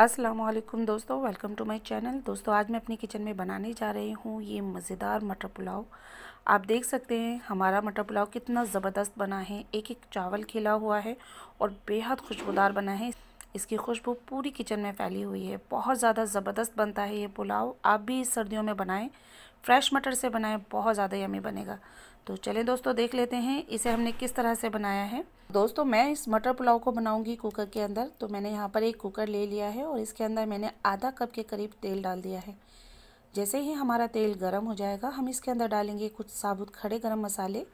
असलम दोस्तों welcome to my channel दोस्तों आज मैं अपनी किचन में बनाने जा रही हूँ ये मज़ेदार मटर पुलाव आप देख सकते हैं हमारा मटर पुलाव कितना ज़बरदस्त बना है एक एक चावल खिला हुआ है और बेहद खुशबूदार बना है इसकी खुशबू पूरी किचन में फैली हुई है बहुत ज़्यादा ज़बरदस्त बनता है ये पुलाव आप भी सर्दियों में बनाएँ फ्रेश मटर से बनाएँ बहुत ज़्यादा यमी बनेगा तो चलें दोस्तों देख लेते हैं इसे हमने किस तरह से बनाया है दोस्तों मैं इस मटर पुलाव को बनाऊंगी कुकर के अंदर तो मैंने यहाँ पर एक कुकर ले लिया है और इसके अंदर मैंने आधा कप के करीब तेल डाल दिया है जैसे ही हमारा तेल गर्म हो जाएगा हम इसके अंदर डालेंगे कुछ साबुत खड़े गर्म मसाले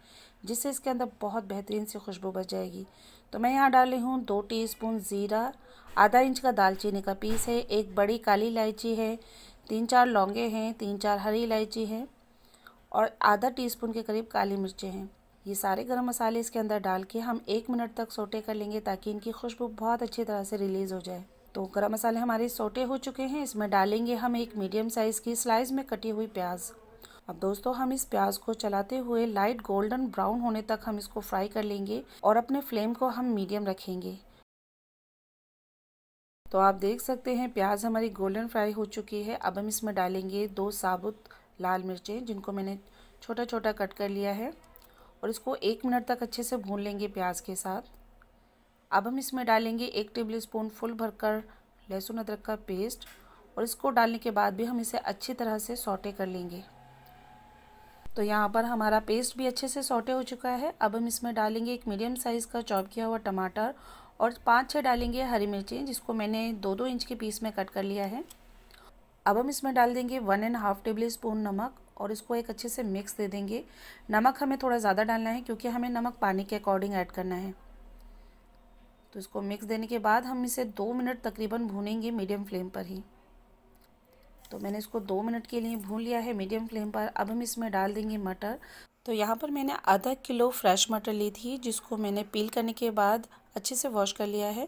जिससे इसके अंदर बहुत बेहतरीन सी खुशबू बच जाएगी तो मैं यहाँ डाली हूँ दो टी ज़ीरा आधा इंच का दालचीनी का पीस है एक बड़ी काली इलायची है तीन चार लौंगे हैं तीन चार हरी इलायची है और आधा टीस्पून के करीब काली मिर्चें हैं ये सारे गरम मसाले इसके अंदर डाल के हम एक मिनट तक सोटे कर लेंगे ताकि इनकी खुशबू बहुत अच्छी तरह से रिलीज़ हो जाए तो गरम मसाले हमारे सोटे हो चुके हैं इसमें डालेंगे हम एक मीडियम साइज़ की स्लाइस में कटी हुई प्याज अब दोस्तों हम इस प्याज को चलाते हुए लाइट गोल्डन ब्राउन होने तक हम इसको फ्राई कर लेंगे और अपने फ्लेम को हम मीडियम रखेंगे तो आप देख सकते हैं प्याज हमारी गोल्डन फ्राई हो चुकी है अब हम इसमें डालेंगे दो साबुत लाल मिर्चें जिनको मैंने छोटा छोटा कट कर लिया है और इसको एक मिनट तक अच्छे से भून लेंगे प्याज के साथ अब हम इसमें डालेंगे एक टेबल स्पून फुल भरकर लहसुन अदरक का पेस्ट और इसको डालने के बाद भी हम इसे अच्छी तरह से सौटे कर लेंगे तो यहाँ पर हमारा पेस्ट भी अच्छे से सौटे हो चुका है अब हम इसमें डालेंगे एक मीडियम साइज़ का चॉप किया हुआ टमाटर और पाँच छः डालेंगे हरी मिर्ची जिसको मैंने दो दो इंच के पीस में कट कर लिया है अब हम इसमें डाल देंगे one and half tablespoon नमक और इसको एक अच्छे से मिक्स दे देंगे नमक हमें थोड़ा ज़्यादा डालना है क्योंकि हमें नमक पानी के अकॉर्डिंग ऐड करना है तो इसको मिक्स देने के बाद हम इसे दो मिनट तकरीबन भूनेंगे मीडियम फ्लेम पर ही तो मैंने इसको दो मिनट के लिए भून लिया है मीडियम फ्लेम पर अब हम इसमें डाल देंगे मटर तो यहाँ पर मैंने आधा किलो फ्रेश मटर ली थी जिसको मैंने पील करने के बाद अच्छे से वॉश कर लिया है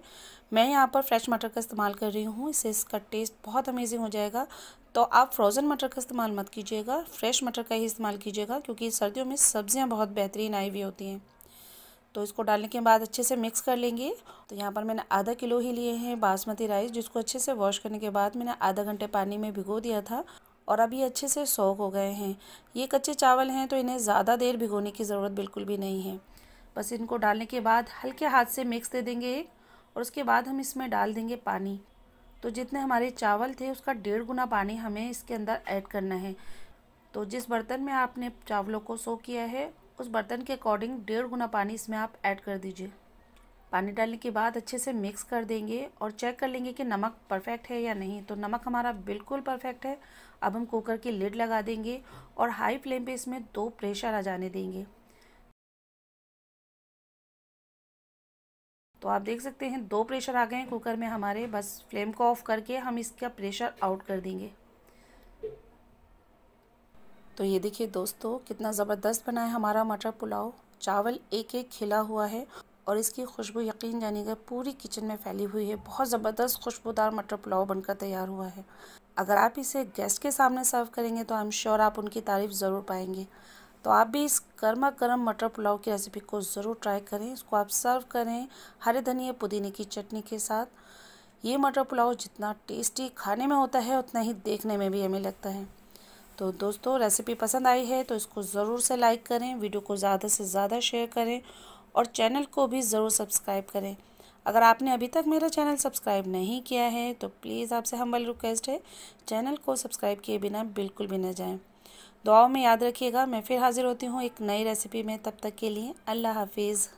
मैं यहाँ पर फ्रेश मटर का इस्तेमाल कर रही हूँ इससे इसका टेस्ट बहुत अमेजिंग हो जाएगा तो आप फ्रोज़न मटर का इस्तेमाल मत कीजिएगा फ्रेश मटर का ही इस्तेमाल कीजिएगा क्योंकि सर्दियों में सब्ज़ियाँ बहुत बेहतरीन आई हुई होती हैं तो इसको डालने के बाद अच्छे से मिक्स कर लेंगे तो यहाँ पर मैंने आधा किलो ही लिए हैं बासमती राइस जिसको अच्छे से वॉश करने के बाद मैंने आधा घंटे पानी में भिगो दिया था और अब ये अच्छे से सोख हो गए हैं ये कच्चे चावल हैं तो इन्हें ज़्यादा देर भिगोने की ज़रूरत बिल्कुल भी नहीं है बस इनको डालने के बाद हल्के हाथ से मिक्स दे देंगे एक और उसके बाद हम इसमें डाल देंगे पानी तो जितने हमारे चावल थे उसका डेढ़ गुना पानी हमें इसके अंदर ऐड करना है तो जिस बर्तन में आपने चावलों को सो किया है उस बर्तन के अकॉर्डिंग डेढ़ गुना पानी इसमें आप ऐड कर दीजिए पानी डालने के बाद अच्छे से मिक्स कर देंगे और चेक कर लेंगे कि नमक परफेक्ट है या नहीं तो नमक हमारा बिल्कुल परफेक्ट है अब हम कुकर की लिड लगा देंगे और हाई फ्लेम पे इसमें दो प्रेशर आ जाने देंगे तो आप देख सकते हैं दो प्रेशर आ गए हैं कुकर में हमारे बस फ्लेम को ऑफ़ करके हम इसका प्रेशर आउट कर देंगे तो ये देखिए दोस्तों कितना ज़बरदस्त बना है हमारा मटर पुलाव चावल एक एक खिला हुआ है और इसकी खुशबू यकीन जानिएगा पूरी किचन में फैली हुई है बहुत ज़बरदस्त खुशबूदार मटर पुलाव बनकर तैयार हुआ है अगर आप इसे गेस्ट के सामने सर्व करेंगे तो आई एम श्योर आप उनकी तारीफ़ ज़रूर पाएंगे तो आप भी इस गर्मा गर्म मटर पुलाव की रेसिपी को ज़रूर ट्राई करें इसको आप सर्व करें हरे धनिया पुदीने की चटनी के साथ ये मटर पुलाव जितना टेस्टी खाने में होता है उतना ही देखने में भी हमें लगता है तो दोस्तों रेसिपी पसंद आई है तो इसको ज़रूर से लाइक करें वीडियो को ज़्यादा से ज़्यादा शेयर करें और चैनल को भी ज़रूर सब्सक्राइब करें अगर आपने अभी तक मेरा चैनल सब्सक्राइब नहीं किया है तो प्लीज़ आपसे हम्बल रिक्वेस्ट है चैनल को सब्सक्राइब किए बिना बिल्कुल भी ना जाएं दुआओं में याद रखिएगा मैं फिर हाज़िर होती हूँ एक नई रेसिपी में तब तक के लिए अल्लाह हाफिज़